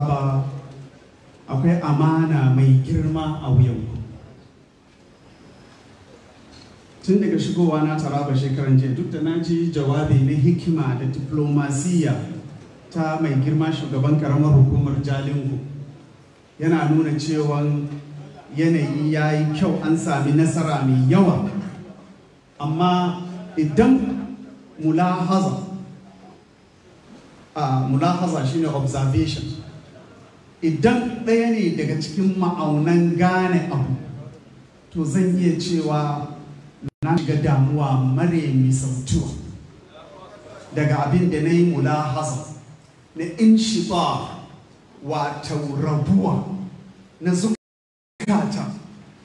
akwai amana mai girma a wuyan ku. tun daga shigowa na taraba shekaran jiya duk da na ji jawabi na hikima da diplomasiya ta mai girma shugaban karamar hukumar jalingo yana nuna cewa yanayi ya yi kyau an sami nasara mai yawa amma idan mulahaza a mulahaza shine observation idan ɗaya ne daga cikin ma'aunan gane abu to zan iya cewa na shiga damuwa mare misautu daga abin da na yi mulahaza na in ba wa rabuwa na zukata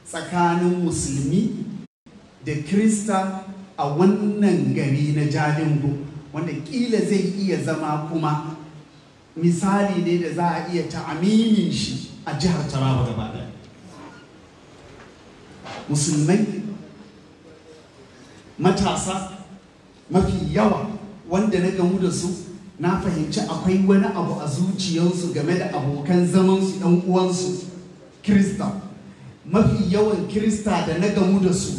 tsakanin musulmi da krista a wannan gari na jalingo wanda kila zai iya zama kuma misali ne da za a iya ta'amimin shi a jihar taraba gaba ɗaya musulmai matasa mafi yawa wanda na gamu da su na fahimci akwai wani abu a zuciyarsu game da abokan zamansu ɗan uwansu kirista mafi yawan kirista da na gamu da su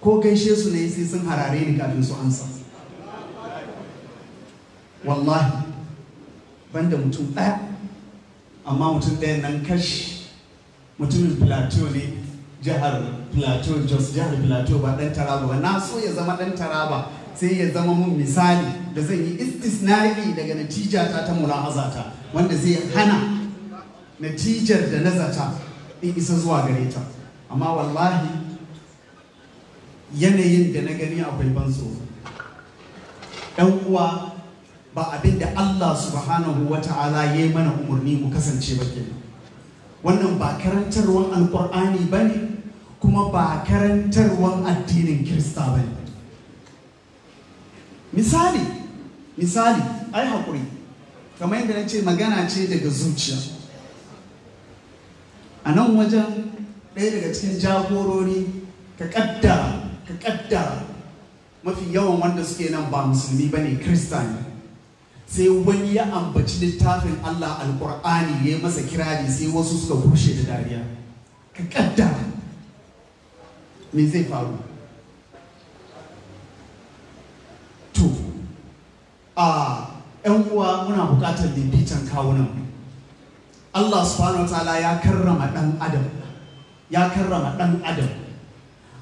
ko gaishe su ne sai sun harare ni kafin su ansa wallahi banda mutum ɗaya amma mutum ɗaya nan kashi mutumin plateau ne jihar plateau jos jihar plateau ba ɗan taraba ba na so ya zama ɗan taraba sai ya zama mun misali da zan yi istisnari daga natijata ta mulahazata wanda zai hana natijar da na zata in isa zuwa gare ta amma wallahi yanayin da na gani akwai ban tsoro ɗan uwa ba abin da Allah subhanahu wa ta'ala ya yi mana umarni mu kasance ba kenan wannan ba karantarwar alkur'ani ba ne kuma ba karantarwar addinin kirista ba ne misali misali ai haƙuri kamar yadda na ce magana ce daga zuciya a nan wajen ɗaya daga cikin jagorori ka ƙaddara ka ƙaddara mafi yawan wanda suke nan ba musulmi ba ne kirista ne sai wani ya ambaci littafin Allah alkur'ani ya yi masa kirari sai wasu suka bushe da dariya ka kadda me zai faru to a yan uwa muna buƙatar bibitan kawunan Allah subhanahu ta'ala ya karrama ɗan adam ya karrama ɗan adam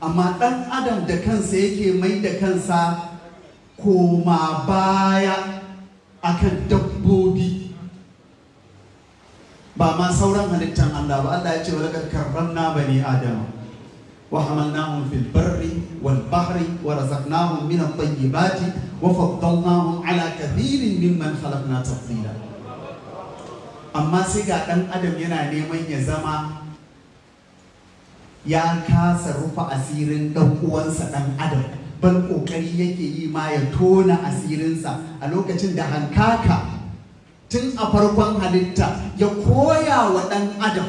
amma ɗan adam da kansa yake mai da kansa koma baya akan dabbobi ba ma sauran halittan Allah ba Allah ya ce walakar karramna bani adama wa hamalnahum fil barri wal bahri wa razaqnahum min at-tayyibati wa faddalnahum ala kathirin mimman khalaqna tafdila amma sai ga dan adam yana neman ya zama ya kasa rufa asirin dan uwansa dan adam bar kokari yake yi ma ya tona asirinsa a lokacin da hankaka tun a farkon halitta ya koya wa ɗan adam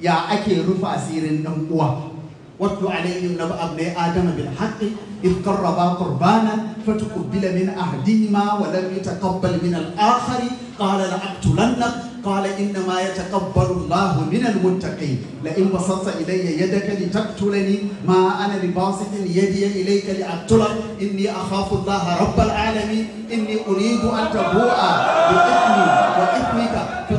ya ake rufe asirin ɗan uwa wato alayhi nab'a ibn adama bil haqqi إن قربا قربانا فتقبل من أحدهما ولم يتقبل من الآخر قال لأقتلنك قال إنما يتقبل الله من المتقين لئن بسطت إلي يدك لتقتلني ما أنا بباسط يدي إليك لأقتلك إني أخاف الله رب العالمين إني أريد أن تبوء بإثمي وإثمي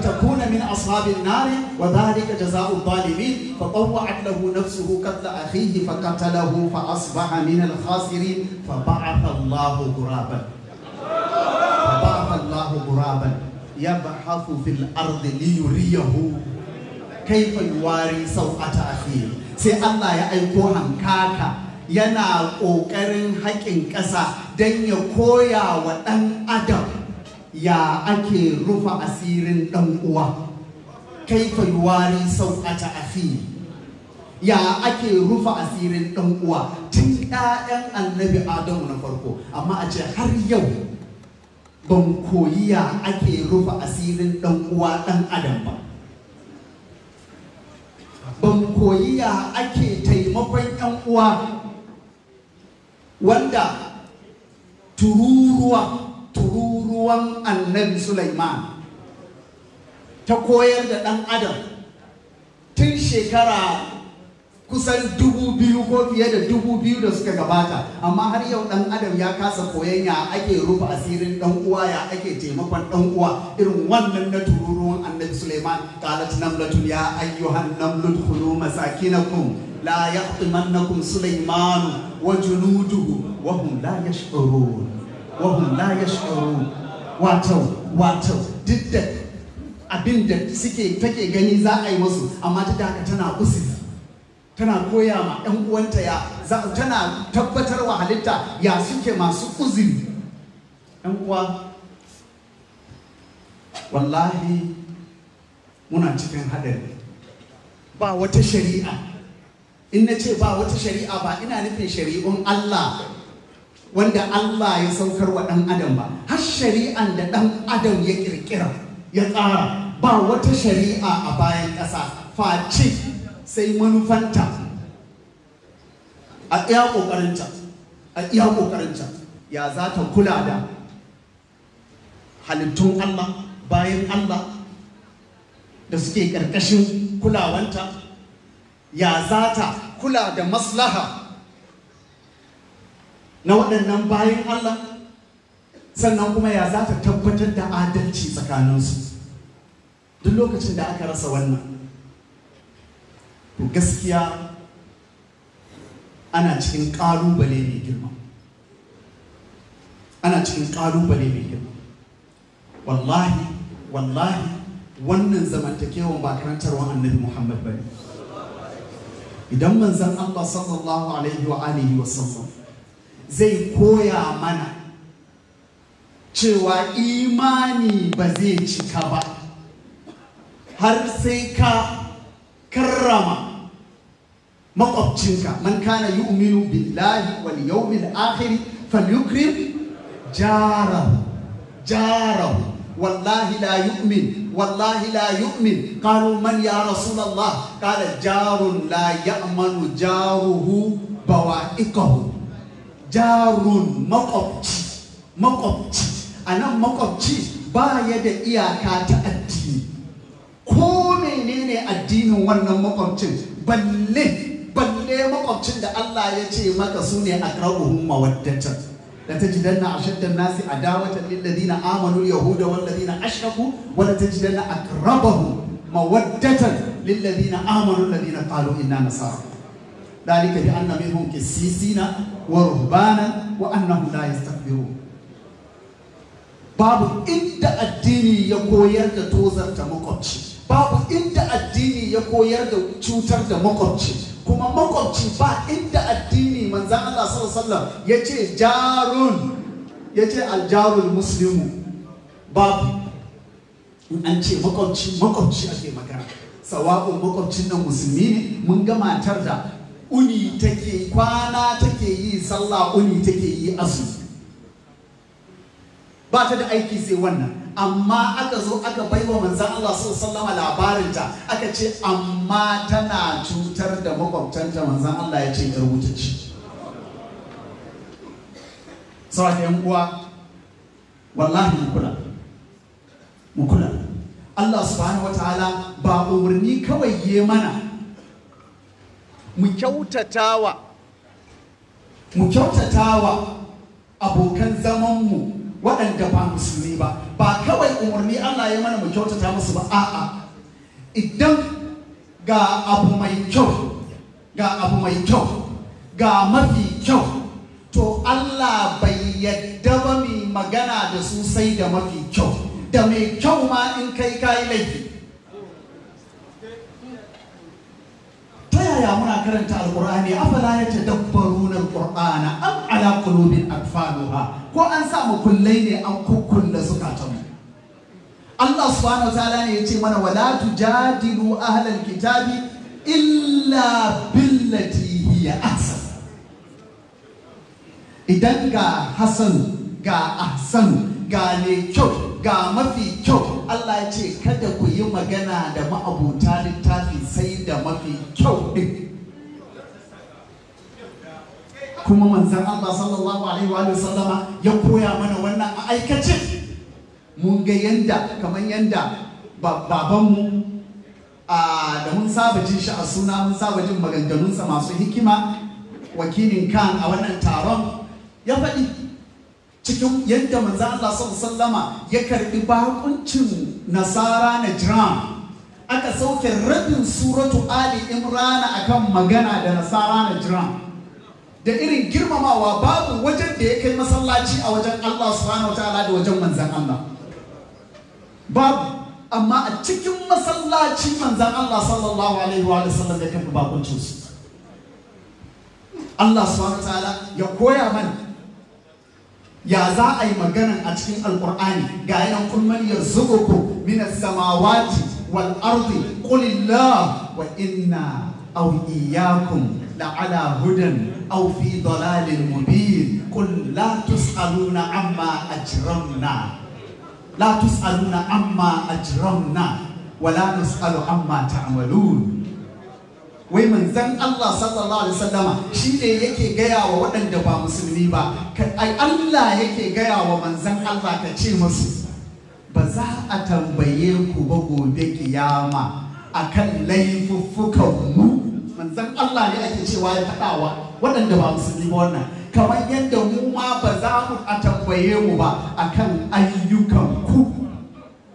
تكون من أصحاب النار وذلك جزاء الظالمين فطوعت له نفسه قتل أخيه فقتله فأصبح من الخاسرين فبعث الله غرابا فبعث الله غرابا يبحث في الأرض ليريه كيف يواري سوءة أخيه سي الله يأيكو هنكاكا yana ƙoƙarin haƙin ƙasa don ya koya wa ɗan adam ya ake rufa asirin ɗan uwa kai yuwari sauƙata afi ya ake rufa asirin ɗan uwa tun ƴaƴan annabi adamu na farko amma a ce har yau ban koyi ya ake rufa asirin ɗan uwa ɗan adam ba ban koyi ya ake taimakon ɗan uwa wanda tururuwa uwan annabi Sulaiman ta koyar da ɗan adam tun shekara kusan dubu biyu ko fiye da dubu biyu da suka gabata amma har yau ɗan adam ya kasa koyon ya ake rufe asirin ɗan uwa ya ake taimakon ɗan uwa irin wannan na tururuwan annabi suleiman qalat namlatu ya ayyuhan namlu khulu masakinakum la yahtimannakum suleiman wa junuduhu wa hum la yash'urun wa hum la yash'urun wato wato duk da abin da suke take gani za a yi musu amma ta da tana kusi tana koya ma 'yan uwanta ya tana tabbatar wa halitta ya suke masu uzuri 'yan uwa wallahi muna cikin haɗari ba wata shari'a in na ce ba wata shari'a ba ina nufin shari'un Allah wanda Allah ya saukar wa ɗan adam ba har shari'an da ɗan adam ya ƙirƙira ya tsara ba wata shari'a a bayan ƙasa face sai manufanta a iya ƙoƙarinta a iya ƙoƙarinta ya za ta kula da halittun Allah bayan Allah da suke ƙarƙashin kulawanta ya za ta kula da maslaha na waɗannan bayan Allah sannan kuma ya za ta tabbatar da adalci tsakaninsu duk lokacin da aka rasa wannan to gaskiya ana cikin ƙalubale mai girma ana cikin ƙalubale mai girma wallahi wallahi wannan zamantakewan ba karantarwa annabi muhammad ba ne idan manzan allah sallallahu alaihi wa alihi wa sallam zai koya mana cewa imani ba zai cika ba har sai ka karrama makwabcinka man kana yu'minu billahi wal yawmil akhir falyukrim jarahu jarahu والله لا يؤمن والله لا يؤمن قالوا من يا رسول الله قال جار لا يأمن جاره بوائقه jarun makwabci makwabci a nan makwabci ba ya da iyaka ta addini ko menene addinin wannan makwabcin balle balle makwabcin da Allah ya ce maka sune ne a da ta la tajidanna ashaddan nasi adawatan lil ladina amanu yahuda wal ladina ashraku wa la tajidanna aqrabahum mawaddatan lil ladina amanu alladina qalu inna nasara ذلك بأن منهم كسيسين ورهبانا وأنهم لا يستكبرون babu inda addini ya koyar da tozarta makwabci babu inda addini ya koyar da cutar da makwabci kuma makwabci ba inda addini manzan Allah sallallahu sallam ya ce jarun ya ce aljarul muslimu babu an ce makwabci ake magana sawa'un makwabcin nan musulmi ne mun gamatar da uni take kwana take yi sallah uni take yi azumi ba ta da aiki sai wannan amma aka zo aka baiwa manzan Allah su sallama labarinta aka ce amma tana cutar da makwabtanta manzan Allah ya ce ya rubuta ci yan uwa wallahi mu kula mu kula Allah subhanahu wataala ba umarni kawai ya mana mu kyautatawa mu kyautatawa abokan mu waɗanda ba musulmi ba ba kawai umarni Allah ya mana mu kyautata musu ba a'a idan ga abu mai kyau ga abu mai kyau ga mafi kyau to Allah bai yadda ba mai magana da su sai da mafi kyau da mai kyau ma in kai kayi laifi Aya muna karanta alqur'ani afala yatadabbaruna alqur'ana am ala qulubin akfaluha ko an sa mu kullai ne an kukkulla ta mu Allah subhanahu ta'ala ne yace mana wala tujadilu ahlal kitabi illa billati hiya ahsan idan ga hasan ga ahsan ga ne kyau ga mafi kyau Allah ya ce kada ku yi magana da ma'abuta littafi sai da mafi kyau ɗin kuma manzan Allah sallallahu alaihi wa sallama ya koya mana wannan a aikace mun ga yanda kamar yanda babanmu da mun saba jin shi a suna mun saba jin maganganunsa masu hikima wakilin kan a wannan taron ya faɗi cikin yadda manzo Allah sallama ya karbi bakuncin nasara na jiran aka sauke rabin suratu ali imrana akan magana da nasara na jiran da irin girmamawa babu wajen da ya kai masallaci a wajen Allah subhanahu wataala da wajen manzan Allah babu amma a cikin masallaci manzan Allah sallallahu alaihi wa sallam ya kafa bakuncin su Allah subhanahu wataala ya koya mana يا ذا أي مجانا أتكين القرآن قائنا قل من يرزقكم من السماوات والأرض قل الله وإنا أو إياكم لعلى هدى أو في ضلال مبين قل لا تسألون عما أجرمنا لا تسألون عما أجرمنا ولا نسأل عما تعملون wai manzan Allah sallallahu alaihi wasallama shi ne yake gaya wa waɗanda ba musulmi ba ai Allah yake gaya wa manzan Allah ka ce musu ba za a tambaye ku ba gobe kiyama akan laifuffukan mu manzan Allah ne ake cewa ya faɗawa waɗanda ba musulmi ba wannan kamar yadda mu ma ba za mu a tambaye mu ba akan ayyukan ku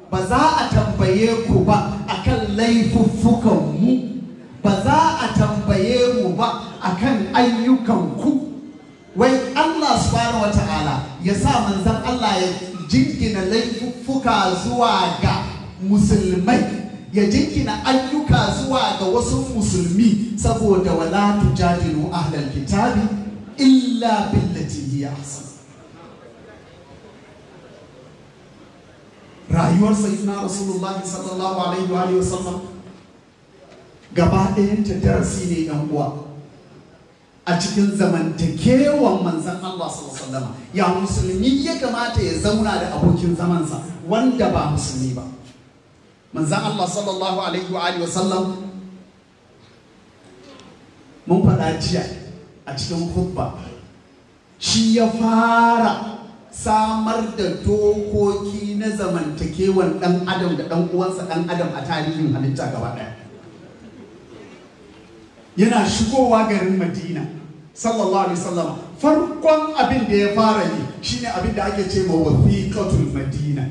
ba za a tambaye ku ba akan laifuffukan mu ba za a tambaye mu ba akan ayyukanku wai Allah subhanahu wata'ala ya sa manzan Allah ya jingina laifuka zuwa ga musulmai ya jingina ayyuka zuwa ga wasu musulmi saboda wala tujadilu ahlal kitabi illa billati hiya rayuwar sayyidina rasulullahi sallallahu alaihi wa sallam gaba ɗayanta darasi ne yan uwa a cikin zamantakewan manzan Allah sallallahu ya musulmi ya kamata ya zauna da abokin zamansa wanda ba musulmi ba manzan Allah sallallahu alaihi wa alihi wasallam mun faɗa jiya a cikin khutba shi ya fara samar da dokoki na zamantakewan ɗan adam da ɗan uwansa ɗan adam a tarihin halitta gaba ɗaya yana shigowa garin madina sallallahu alaihi wasallam farkon abin da ya fara yi shine abin da ake ce ma wasiqatul madina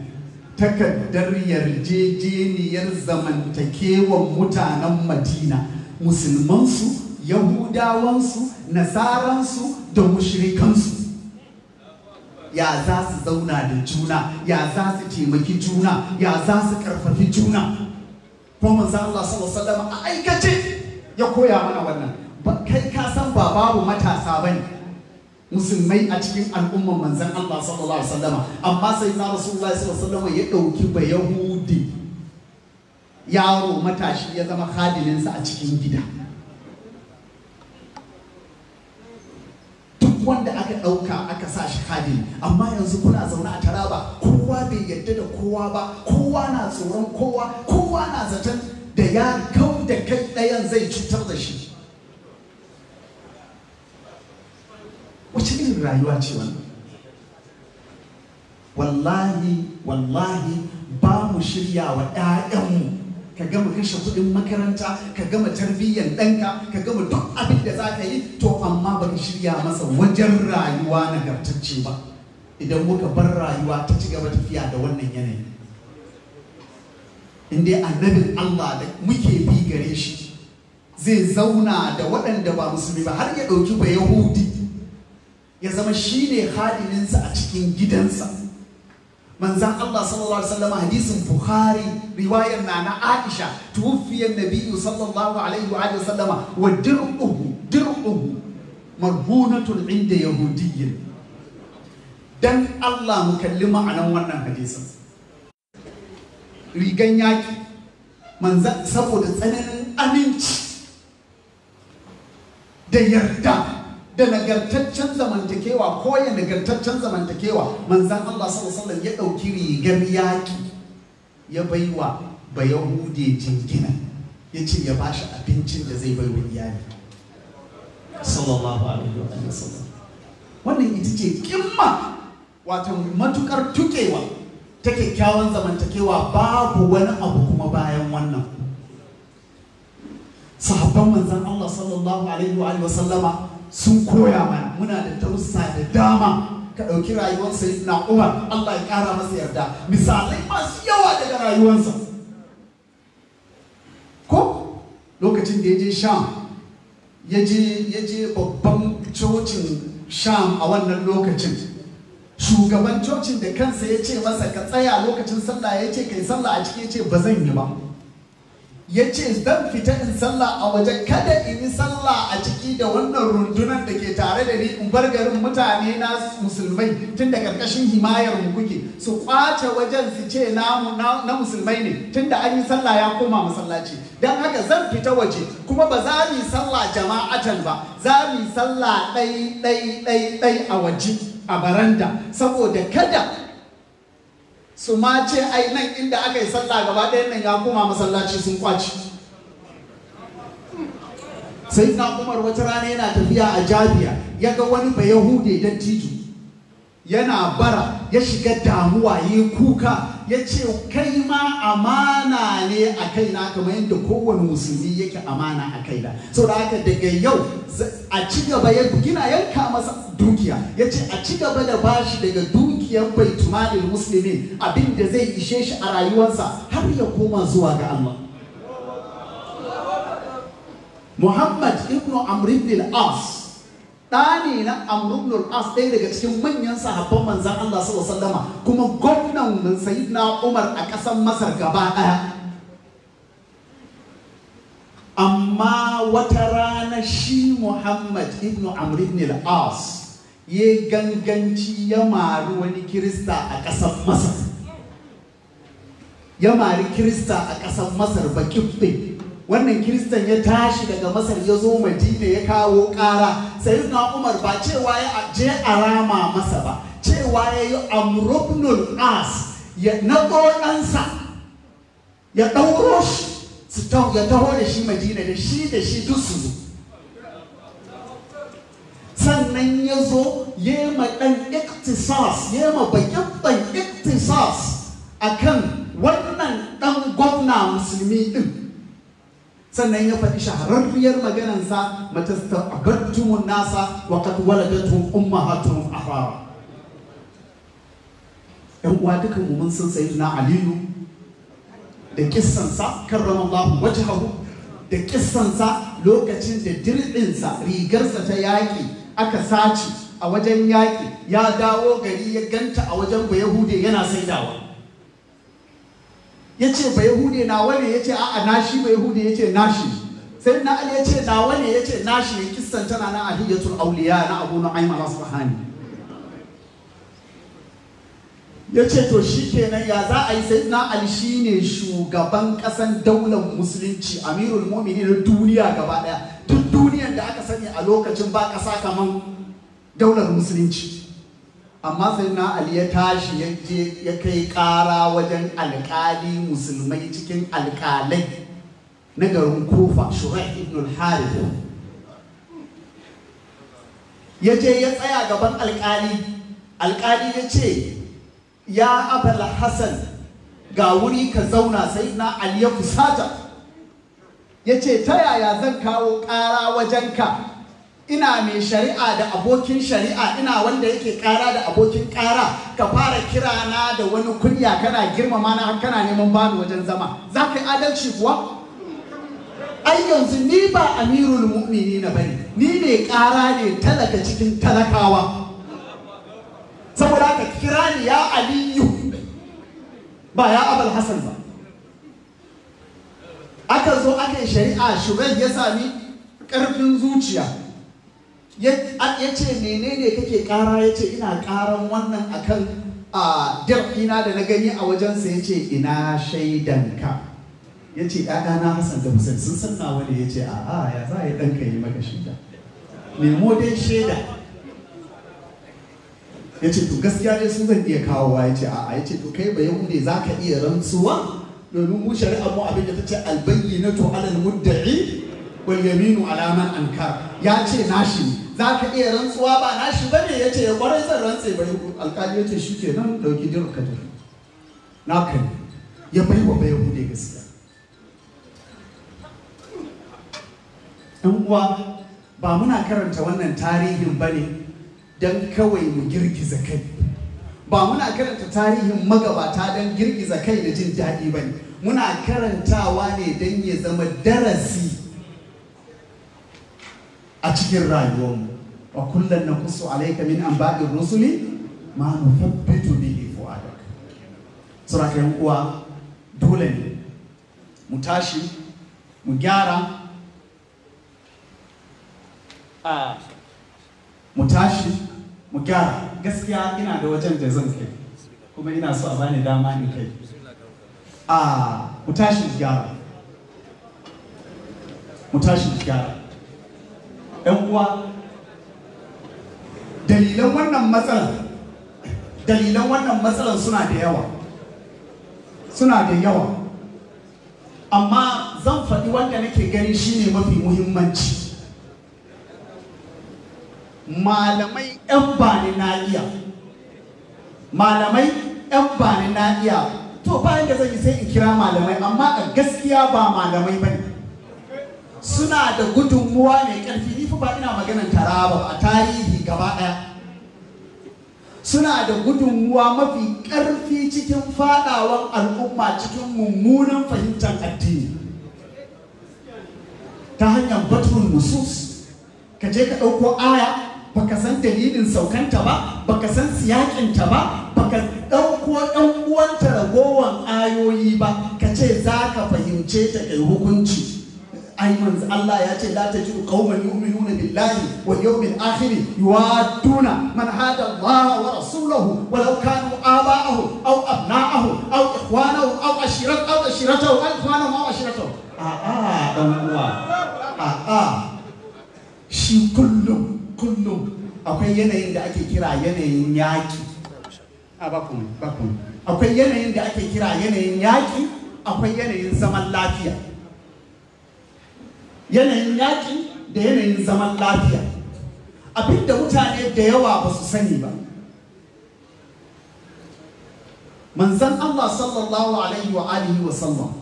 takaddar yarjejeniyar zamantakewan mutanen madina musulmansu yahudawansu nasaransu da mushrikansu ya za su zauna da juna ya za su taimaki juna ya za su karfafi juna kuma manzo Allah sallallahu alaihi wasallam a aikace ya koya mana wannan kai ka san ba babu matasa ba ne musulmai a cikin al'umman manzan Allah sallallahu alaihi wasallam amma sai na rasulullahi sallallahu alaihi wasallam ya dauki ba yahudi yaro matashi ya zama khadilinsa a cikin gida duk wanda aka ɗauka aka sa shi khadili amma yanzu kuna zaune a taraba kowa bai yadda da kowa ba kowa na tsoron kowa kowa na zaton da ya kau da kai ɗayan zai cutar da shi wace irin rayuwa ce wannan wallahi wallahi ba mu shirya wa 'ya'yanmu ka gama kashe kuɗin makaranta ka gama tarbiyyar ɗanka ka gama duk abin da za ka yi to amma ka shirya masa wajen rayuwa nagartacce ba idan muka bar rayuwa ta ci gaba tafiya da wannan yanayi in dai annabin Allah da muke bi gare shi zai zauna da waɗanda ba musulmi ba har ya ɗauki ba yahudi ya zama shi ne hadininsa a cikin gidansa manzan Allah sallallahu alaihi wasallam hadisin Bukhari riwayar na na Aisha na nabiyyu sallallahu alaihi wa sallama wa dir'uhu dir'uhu marhunatun inda yahudiyyin dan Allah mu kalli ma'anan wannan hadisin rigan yaki manzan saboda tsananin aminci da yarda da nagartaccen zamantakewa ko ya nagartaccen zamantakewa manzan Allah sallallahu ya ɗauki rigar yaƙi ya baiwa ba yahude jingina ya ce ya bashi abincin da zai baiwa iyali sallallahu alaihi wa sallam wannan ita ce kimma wato matukar tukewa ta kyakkyawan zamantakewa babu wani abu kuma bayan wannan sahabban manzan Allah sallallahu alaihi wa sallama sun koya mana muna da tausa da dama ka ɗauki rayuwarsa sayyidina Umar Allah ya ƙara masa yarda misalai masu yawa daga rayuwarsa ko lokacin da ya je Sham ya je babban cocin Sham a wannan lokacin shugaban cocin da kansa ya ce masa ka tsaya lokacin sallah ya ce kai sallah a ciki ya ce ba zan yi ba ya ce zan fita in sallah a waje kada in yi sallah a ciki da wannan rundunar da ke tare da ni in bar garin mutane na musulmai tun da karkashin himayar mu kuke su kwace wajen su ce na musulmai ne tun da an yi sallah ya koma masallaci don haka zan fita waje kuma ba za mu yi sallah jama'atan ba za mu yi sallah ɗai ɗai ɗai ɗai a waje a baranda saboda kada su ma ce ai nan inda aka yi sallah gaba ɗaya nan ya kuma masallaci sun kwaci sai na umar wata rana yana tafiya a jabiya ya ga wani ba yahude don titi yana bara ya shiga damuwa ya kuka ya ce kai ma amana ne a na. kamar yadda kowane musulmi yake amana a kaina da haka daga yau a ci gaba ya gina yanka masa dukiya ya ce a ci gaba da bashi daga dukiya dukiyar baitulmalil musulmi abin da zai ishe shi a rayuwarsa har ya koma zuwa ga Allah Muhammad ibn Amr ibn al-As ɗani na al as ɗaya daga cikin manyan sahabban manzan Allah sallallahu kuma gwamnan na umar a ƙasar masar gaba ɗaya amma wata rana shi muhammad ibn amr ibn al-as ya ganganci ya mari wani kirista a ƙasar masar ya mari kirista a ƙasar masar wannan kiristan ya tashi daga masar ya zo madina ya kawo ƙara sai na umar ba cewa ya je arama masa ba cewa ya yi amrubnul as ya na ɗansa ya ɗauro shi ya taho da shi madina da shi da shi duk sannan ya zo ya yi ma ɗan iktisas ya yi ma iktisas a kan wannan ɗan gwamna musulmi ɗin sannan ya faɗi shahararriyar maganansa matasta abattumun nasa wa qad umma ummahatun ahara yan uwa dukan mu mun san sayyidina aliyu da kissansa karramallahu wajhahu da kissansa lokacin da dirɗinsa rigarsa ta yaƙi aka sace a wajen yaƙi ya dawo gari ya ganta a wajen ba yahude yana saidawa ya ce ba yahude nawa ne ya ce a'a nashi ba yahude ya ce nashi sai na ali ya ce na ne ya ce nashi ne kisan tana na aliyatul auliya na abu nu'aym al-asfahani ya ce to shi kenan ya za a yi sai na ali shi ne shugaban ƙasan daular musulunci amirul na duniya gaba ɗaya duk duniyar da aka sani a lokacin ba ƙasa kaman daular musulunci amma sai na ali ya tashi ya je ya kai ƙara wajen alƙali musulmai cikin alƙalai na garin kofa shuraih ibn al-harith ya je ya tsaya gaban alƙali alƙali ya ce ya abal hasan ga wuri ka zauna sai na ali ya fusata ya ce ta yaya zan kawo ƙara ka ina mai shari'a da abokin shari'a ina wanda yake ƙara da abokin ƙara ka fara kira na da wani kunya kana girmama na kana neman bani wajen zama za ka yi adalci kuwa ai yanzu ni ba amirul mu'mini na bane ni mai ƙara ne talaka cikin talakawa saboda haka kira ni ya aliyu ba ya abul hasan ba aka zo aka yi shari'a shugaban ya sami ƙarfin zuciya ya ce menene kake ƙara ya ce ina ƙaran wannan akan a ina da na gani a wajensa ya ce ina shaidanka ya ce na hassan da musulun sun san nawa ne ya ce a'a ya za a yi ɗanka yi maka shida nemo dai shaida ya ce to gaskiya dai sun zan iya kawowa ya ce a'a ya ce to kai ba yau za ka iya rantsuwa domin mu shari'a mu abin da ta ce to alal mudda'i wal yaminu ala man ankar ya ce nashi ne za ka iya rantsuwa ba nashi ba ne ya ce ya kwarai zan rantse bai alkali ya ce shi ke nan dauki dinar ka na. Na ne ya bai wa bai hude gaskiya ɗan uwa ba muna karanta wannan tarihin ba ne don kawai mu girgiza kai ba muna karanta tarihin magabata don girgiza kai da jin daɗi ba ne muna karantawa ne don ya zama darasi a cikin rayuwarmu wa kullum na kusu alaika min an baɗin rusuli ma nufabbitu bihi fu'adak sura yan uwa dole ne mu tashi mu gyara ah. mu tashi mu gyara gaskiya ina da wajen da zan kai kuma ina so a bani dama ni kai a mu tashi gyara mu tashi gyara yan uwa dalilan wannan matsalar dalilan wannan matsalar suna da yawa suna da yawa amma zan faɗi wanda nake gani shine mafi muhimmanci malamai 'yan bani na iya malamai 'yan bani na iya to bayan da zan yi sai in kira malamai amma a gaskiya ba malamai ba ne suna da gudunmuwa mai ƙarfi ni fa ba ina maganar taraba a tarihi gaba ɗaya suna da gudunmuwa mafi ƙarfi cikin faɗawan al'umma cikin mummunan fahimtar addini ta hanyar batun nusus ka je ka ɗauko aya baka san dalilin saukanta ba baka san siyakinta ba baka ɗauko ɗan uwanta ragowan ayoyi ba ka ce za ka fahimce ta kai hukunci ai manzo Allah ya ce la tajidu qauman yu'minuna billahi wal yawmil akhir yuwadduna man hada Allah wa rasulahu walau kanu aba'ahu aw abna'ahu aw ikhwanahu aw ashirat aw ashiratahu aw ikhwanahu aw ashiratahu a a dan uwa a a shi kullum kullum akwai yanayin da ake kira yanayin yaƙi a bakun bakun akwai yanayin da ake kira yanayin yaƙi akwai yanayin zaman lafiya yanayin yaƙi da yanayin zaman lafiya abinda mutane da yawa ba su sani ba manzan Allah sallallahu alaihi wa alihi wa sallam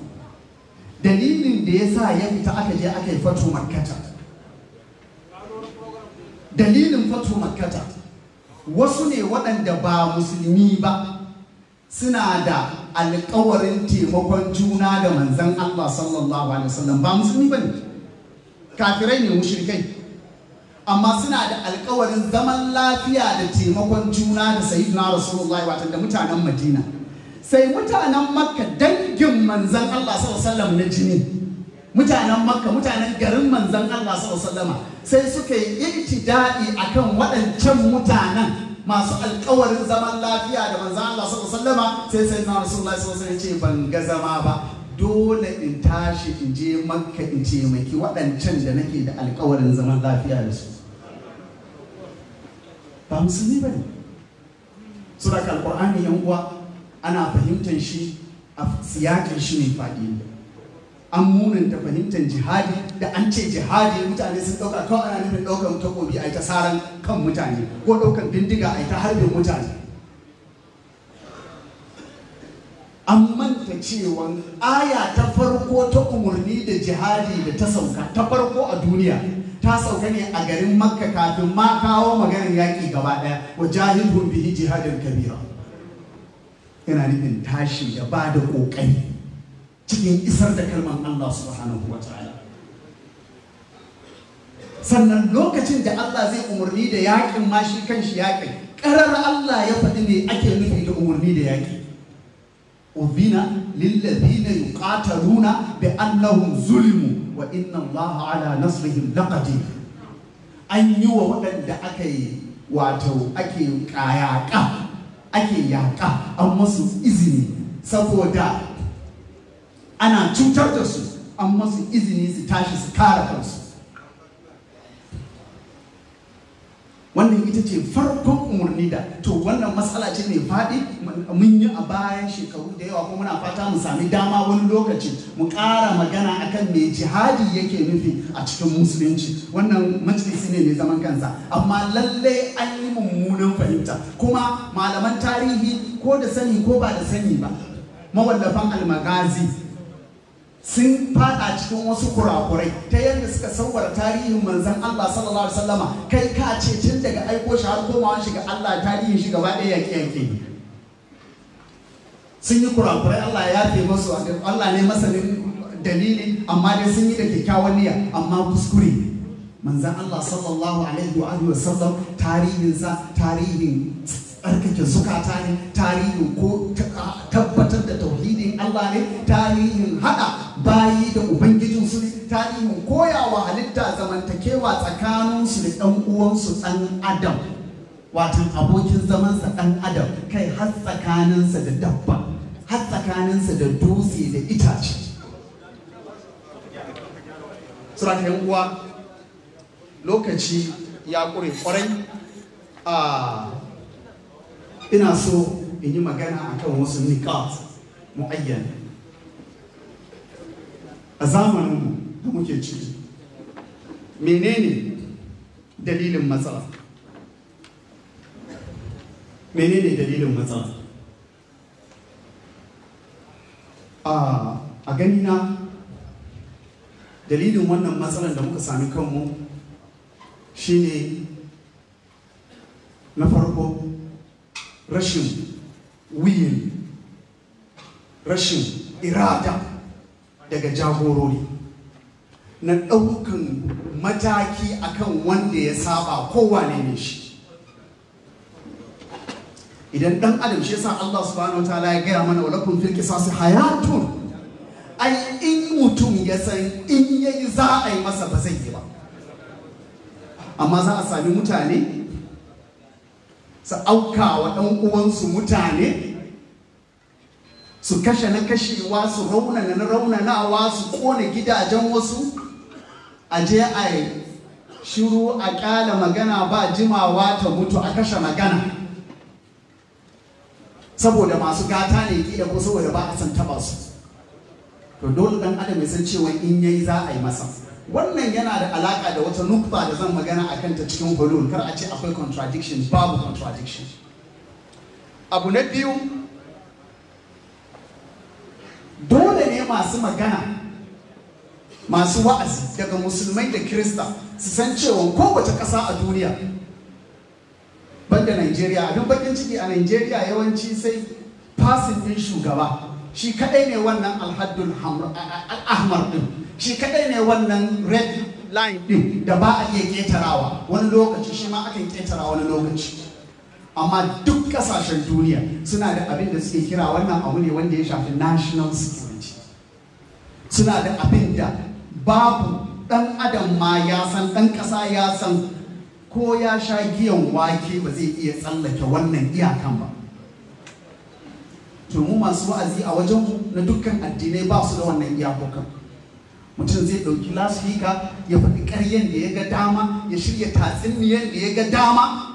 dalilin da ya sa ya fita aka je aka yi fato makkata dalilin fatu makkata wasu ne waɗanda ba musulmi ba suna da alkawarin taimakon juna da manzan Allah sallallahu alaihi wasallam ba musulmi ba ne kafirai ne mushrikai amma suna da alkawarin zaman lafiya da taimakon juna da sayyidina rasulullahi wato da mutanen madina sai mutanen makka dangin manzan Allah sallallahu alaihi wasallam na jini mutanen makka mutanen garin manzan Allah sallama sai suka yi ibtida'i akan waɗancan mutanen masu alkawarin zaman lafiya da manzan Allah sallama sai sai na rasulullahi sallallahu alaihi ce ban ga zama ba dole in tashi in je makka in ce maki waɗancan da nake da alkawarin zaman lafiya da su ba musulmi ba ne suraka yan uwa ana fahimtar shi a siyakin shi ne faɗi ne an munanta fahimtar jihadi da an ce jihadi mutane sun ɗauka kawai ana nufin daukar takobi a ta saran kan mutane ko ɗaukar bindiga a ta harbin mutane an manta cewa aya ta farko ta umarni da jihadi da ta sauka ta farko a duniya ta sauka ne a garin makka kafin ma kawo maganar yaƙi gaba ɗaya wa jahilhum bihi jihadin kabira yana nufin tashi da ba da ƙoƙari cikin isar da kalman Allah subhanahu wa ta'ala sannan lokacin da Allah zai umarni da yakin ma shi kan shi yakin karar Allah ya faɗi ne ake nufi da umarni da yaki ubina lillazina yuqataluna bi annahum zulimu wa inna Allah ala nasrihim laqadir an yi wa waɗanda aka yi wato ake kayaka ake yaƙa an musu izini saboda ana cutar da su an masu izini su tashi su kara kansu wannan ita ce farkon umarni da to wannan matsala ce mai faɗi mun yi a bayan shekaru da yawa kuma muna fata mu sami dama wani lokaci mu ƙara magana akan me jihadi yake nufi a cikin musulunci wannan majalisi ne mai zaman kansa amma lalle an yi mummunan fahimta kuma malaman tarihi ko da sani ko ba da sani ba mawallafan almagazi sun fada cikin wasu kurakurai ta yadda suka sauwara tarihin manzan Allah sallallahu alaihi wasallama kai ka ce tun daga aiko shi har koma shi ga Allah tarihin shi gaba ɗaya yaƙi yaƙi sun yi kurakurai Allah ya yafe musu Allah ne masanin dalili amma dai sun yi da kyakkyawan niyya amma kuskure manzan Allah sallallahu alaihi wa sallam tarihinsa tarihin tsarkake zukata ne tarihin ko tabbatar da tauhidin Allah ne tarihin hada bayi da ubangijin su ne tarihin koyawa halitta zamantakewa tsakanin su da ɗan uwansu ɗan adam watan abokin zamansa ɗan adam kai har tsakaninsa da dabba har tsakaninsa da dutse da itace sura ta uwa lokaci ya kure kwarai a ah, ina so in yi magana a kan wasu niqat mu'ayyan a zamanin da muke ciki menene dalilin matsala menene dalilin matsala a gani na dalilin wannan matsalar da muka sami kanmu shine na farko rashin wuyin rashin irada daga jagorori na ɗaukan mataki akan wanda ya saba kowane ne shi idan ɗan adam shi yasa Allah subhanahu wataala ya gaya mana walakun fil qisasi hayatun ai in mutum ya san in yayi za a yi masa ba zai yi ba amma za a sami mutane su auka wa ɗan uwansu mutane su kashe na kashewa su raunana na raunanawa su ƙone gidajen wasu a je a yi shiru a ƙyala magana ba jimawa ta mutu a kashe magana saboda masu gata ne ƙila ko saboda ba a san taba su to dole dan adam ya san cewa in yayi za a yi masa wannan yana da alaka da wata nukta da zan magana a kanta cikin hulul kar a ce akwai contradiction babu contradiction abu na biyu dole ne masu magana masu wa'azi daga musulmai da kirista su san cewa kowace ƙasa a duniya banda Najeriya abin bakin ciki a Najeriya yawanci sai fasin din shugaba shi kadai ne wannan alhaddul ahmar din shi kadai ne wannan red line din da ba a iya ketarawa wani lokaci shi ma akan ketara wani lokaci amma duk kasashen duniya suna da abin da suke kira wannan abu ne wanda ya shafi national security suna da abin da babu dan adam ma ya san dan kasa ya san ko ya sha giyan wake ba zai iya tsallake wannan iyakan ba to mu masu wa'azi a wajen na dukkan addinai ba su da wannan iyakokan mutum zai ɗauki lasfika ya faɗi ƙaryen da ya ga dama ya shirya tatsuniyan da ya ga dama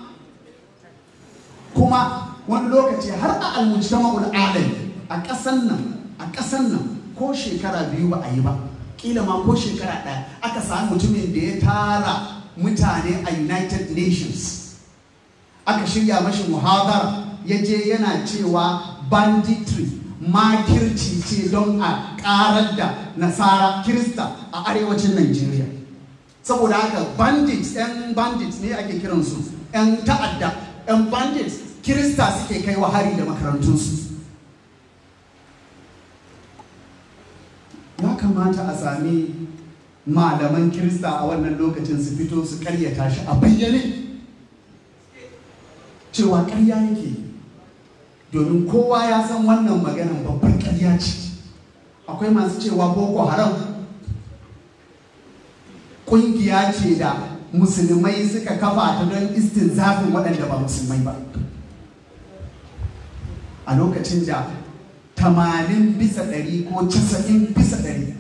kuma wani lokaci har a ma'ul alami a ƙasan nan a ƙasan nan ko shekara biyu ba a yi ba kila ma ko shekara ɗaya aka sami mutumin da ya tara mutane a united nations aka shirya mashi muhadara ya je yana cewa banditry makirci ce don a karar da nasara kirista a arewacin Najeriya. saboda haka bandits 'yan bandits ne ake kiransu 'yan ta'adda 'yan bandits kirista suke kai wa hari da makarantunsu ya kamata a sami malaman kirista a wannan lokacin su fito su karyata shi a bayyane cewa karya yake domin kowa ya san wannan maganan babbar ƙarya ce akwai masu cewa boko haram ƙungiya ce da musulmai suka kafa ta don istin zafin waɗanda ba musulmai ba a lokacin da tamanin bisa ɗari ko casa'in bisa ɗari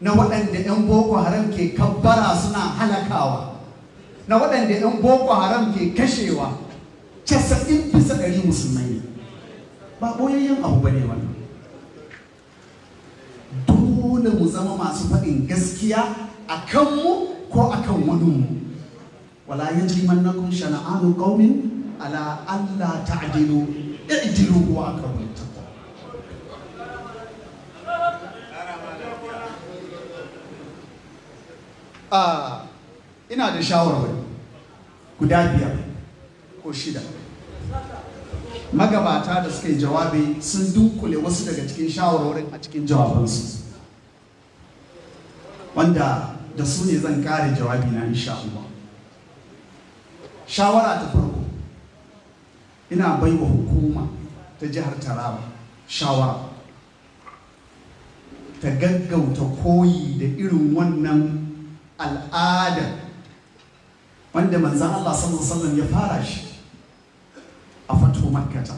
na waɗanda 'yan boko haram ke kabbara suna halakawa na waɗanda 'yan boko haram ke kashewa casa'in bisa ɗari musulmai ne ba boyayyen abu bane wannan dole mu zama masu faɗin gaskiya a kanmu ko a kan wadunmu. wala yajrimannakum shana'anu ƙaunin? ala Allah ta'dilu i'dilu huwa aqrabu littaqwa a ah, ina da shawarwari guda biyar ko shida magabata da suka yi jawabi sun dunkule wasu daga cikin shawarwarin a cikin jawabansu wanda da su ne zan kare jawabi na insha Allah shawara ta farko ina baiwa hukuma ta jihar Taraba shawara ta gaggauta koyi da irin wannan al'ada wanda manzan Allah sallallahu alaihi ya fara shi a fato makata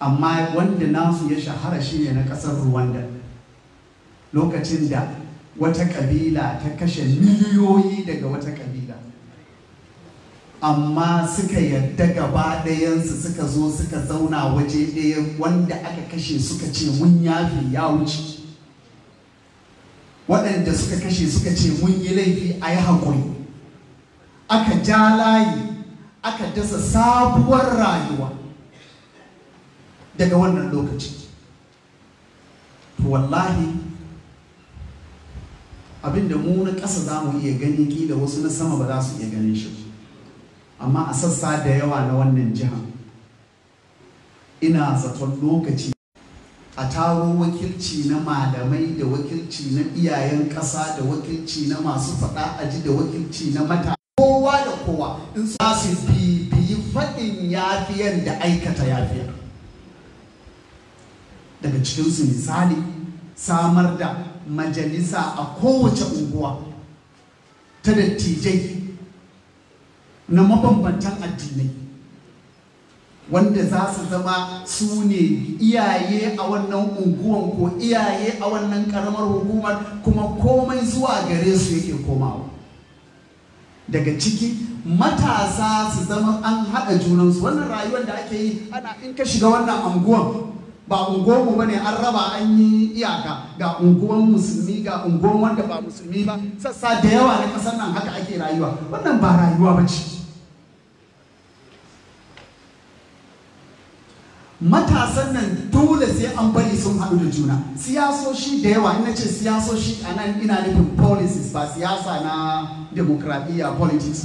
amma wanda nasu ya shahara ne na ƙasar ruwanda lokacin da wata ƙabila ta kashe miliyoyi daga wata ƙabila amma suka yarda gaba ɗayansu suka zo suka zauna waje ɗaya wanda aka kashe suka ce mun yafi ya wuce waɗanda suka kashe suka ce mun yi laifi a yi haƙuri aka ja layi aka dasa sabuwar rayuwa daga wannan lokaci to wallahi abinda mu na ƙasa za mu iya gani kila wasu na sama ba za su iya ganin shi amma a sassa da yawa na wannan jiha ina zaton lokaci a taro wakilci na malamai da wakilci na iyayen ƙasa da wakilci na masu faɗa aji da wakilci na mata kowa da kowa in za su bibiyi faɗin yafiyan da aikata yafiya daga cikinsu misali samar da majalisa a kowace unguwa ta dattijai na mabambantan addinai wanda za su zama su ne iyaye a wannan unguwan ko iyaye a wannan karamar hukumar kuma komai zuwa gare su yake komawa daga ciki matasa su zama an haɗa junansu wannan rayuwar da ake yi ana in ka shiga wannan unguwan ba unguwanmu ba ne an raba an yi iyaka ga unguwan musulmi ga unguwan wanda ba musulmi ba sassa da yawa na ƙasar nan haka ake rayuwa wannan ba rayuwa ba ce matasan nan dole sai an bari sun haɗu da juna siyasoshi da yawa ina ce siyasoshi a nan ina nufin policies ba siyasa na demokradiyya politics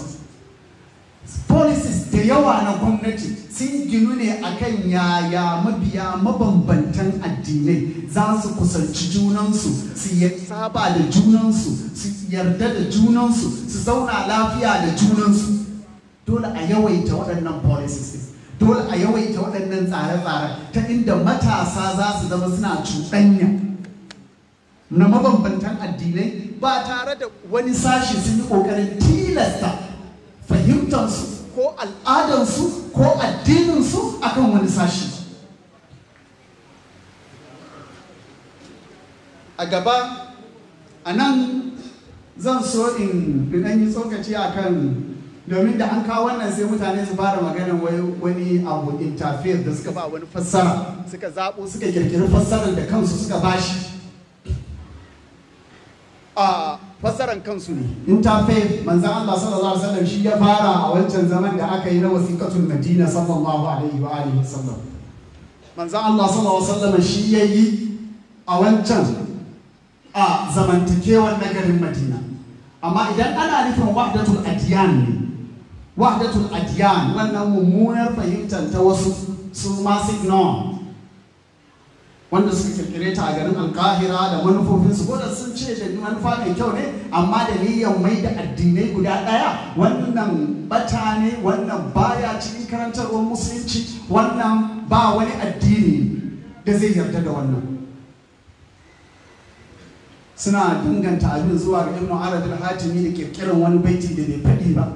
policies da yawa na gwamnati sun ginu ne kan yaya mabiya mabambantan addinai za su kusanci junansu su saba da junansu su yarda da junansu su zauna lafiya da junansu dole a yawaita waɗannan policies dole a yawaita waɗannan tsare-tsare ta inda matasa za su zama suna cuɗanya na mabambantan addinai ba tare da wani sashi sun yi ƙoƙarin tilasta fahimtansu ko al'adansu ko addininsu akan wani sashi a gaba a nan zan so in yi tsokaci akan domin da an kawo wannan sai mutane su fara magana wani abu interfere da suka ba wani fassara suka zaɓo suka kirkiri fassarar da kansu suka bashi a fassarar kansu ne interfaith manzan Allah sallallahu alaihi wasallam shi ya fara a wancan zaman da aka yi na wasiqatul madina sallallahu alaihi wa alihi wasallam manzan Allah sallallahu alaihi wasallam shi ya yi a wancan a zamantakewar nagarin madina amma idan ana nufin wahdatul adiyan ne wahdatul adiyan wannan mummunar fahimtar ta wasu su masu ignore wanda suka kirkire ta a garin alkahira da manufofinsu su da sun ce da manufa mai kyau ne amma da dalilin mai da addinai guda ɗaya wannan bata ne wannan baya cikin karantarwar musulunci wannan ba wani addini da zai yarda da wannan suna dinganta abin zuwa ga ibnu arabil hatimi da kirkirar wani baiti da bai faɗi ba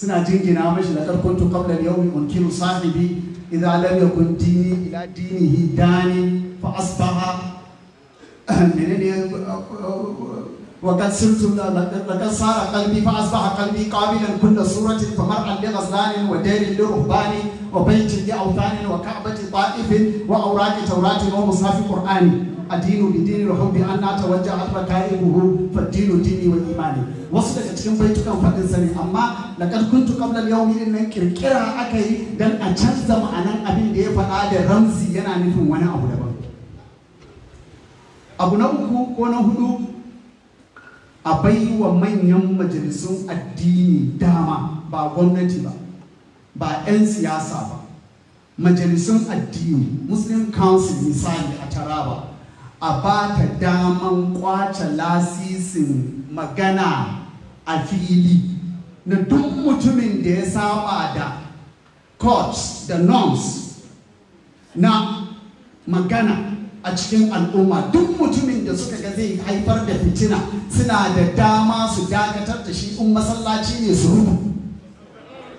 suna jingina mashi la kar kuntu qabla al-yawmi unkiru sahibi idza lam yakun dini ila dinihi dani fa asbaha menene uh, uh, wa kad sirtu la kad sara qalbi fa asbaha qalbi qabilan kull suratin fa mar'an li ghazlanin wa dairin li ruhbani wa baytin li awthanin wa ka'batin ta'ifin wa awraqi tawratin wa mushaf qur'ani adinu bi dini rahubbi an na tawajja arrakaibuhu fa dinu dini wa imani wasu daga cikin baitukan fadin sa ne amma laqad kuntu qabla al-yawmi din kirkira akai dan a canza ma'anan abin da ya faɗa da ramzi yana nufin wani abu daban abu na uku ko na hudu a bai wa manyan majalisun addini dama ba gwamnati ba ba 'yan siyasa ba majalisun addini muslim council misali a taraba a ba ta daman kwace lasisin magana a fili na duk mutumin da ya saba da courts da norms na magana a cikin al'umma duk mutumin da suka ga zai haifar da fitina suna da dama su dakatar da shi in masallaci ne su rubu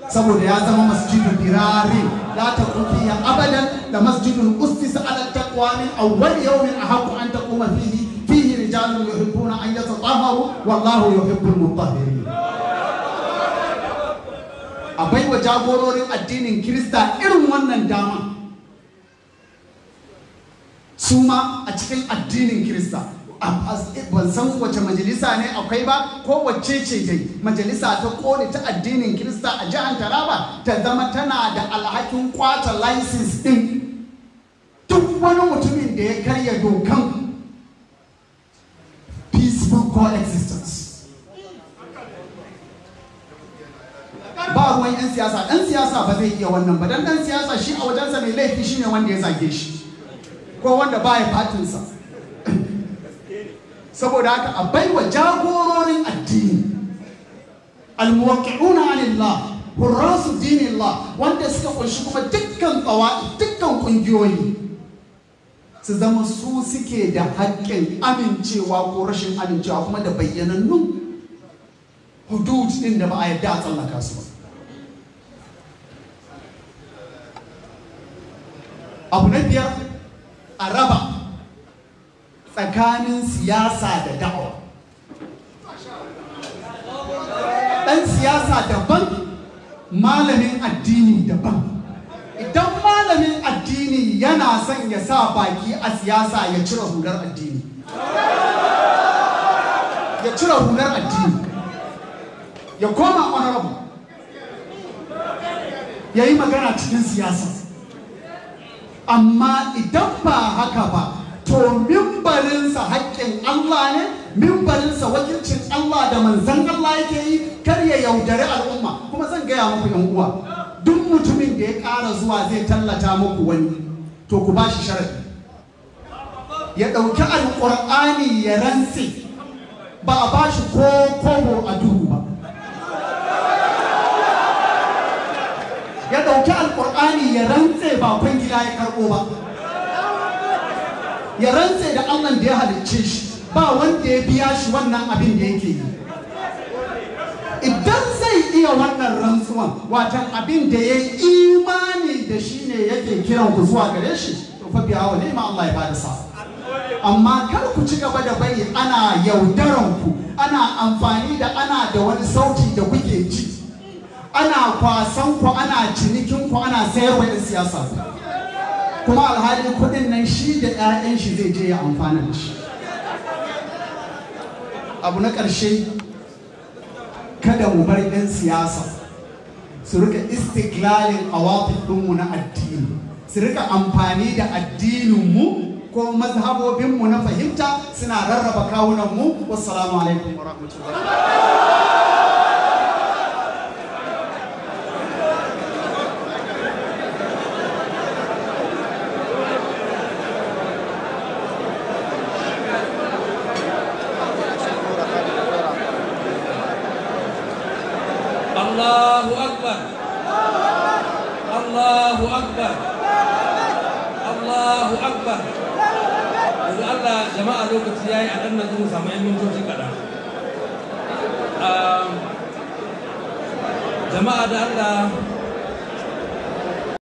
saboda ya zama masjidu Birari, la kufiya abadan da masjidul ustisa ala taqwa min awwal yawmin ahqqu an taquma fihi fihi rijalun yuhibbuna an yatatahharu wallahu yuhibbul mutahhirin abai wa jagororin addinin kirista irin wannan dama su ma a cikin addinin kirista ban san wace majalisa ne akwai ba ko wacce ce dai majalisa ta kone ta addinin kirista a jihar taraba ta zama tana da alhakin kwata license din duk wani mutumin da ya karya dokan peaceful coexistence ba ruwan 'yan siyasa Dan siyasa ba zai iya wannan ba dan siyasa shi a wajensa mai laifi shine wanda ya zage shi ko wanda ba ya fatinsa saboda haka a baiwa jagororin addini almuwaqqi'una alillah hurrasu dinillah wanda suka kunshi kuma dukkan tsawa dukkan kungiyoyi su zama su suke da haƙƙin amincewa ko rashin amincewa kuma da bayyanannun hudud din da ba a yadda a tsallaka su ba abu na biyar a raba tsakanin siyasa da da'awa ɗan siyasa daban malamin addini daban idan malamin addini yana son ya sa baki a siyasa ya cire hular addini ya cire hular addini ya koma honorable ya yi magana cikin siyasa amma idan ba haka ba to mimbarinsa haƙƙin Allah ne mimbarinsa wakilcin Allah da manzan Allah yake yi kar ya yaudari al'umma kuma zan gaya muku yan uwa duk mutumin da ya ƙara zuwa zai tallata muku wani to ku ba shi sharafi ya ɗauki alƙur'ani ya rantse ba a ba shi ko kobo a duhu ba ya ɗauki alƙur'ani ya rantse ba kwangila ya karɓo ba ya rantse da Allah da ya halicce shi ba wanda ya biya shi wannan abin da yake yi idan zai iya wannan rantsuwan watan abin da ya imani da shi ne yake kiran ku zuwa gare shi to fa biya wa ma Allah ya bada sa amma kar ku ci gaba da bai ana yaudaran ku ana amfani da ana da wani sauti da kuke ci ana kwasan ku ana cinikin ku ana sayarwa 'yan siyasa kuma alhali kuɗin nan shi da 'ya'yan shi zai je ya amfana da shi abu na ƙarshe kada mu bar 'yan siyasa su rika istiklalin awafifinmu na addini su rika amfani da addininmu ko mazhabobinmu na fahimta suna rarraba kawunanmu salamu alaikum wa rahmatullahi mintoci jama'a da allah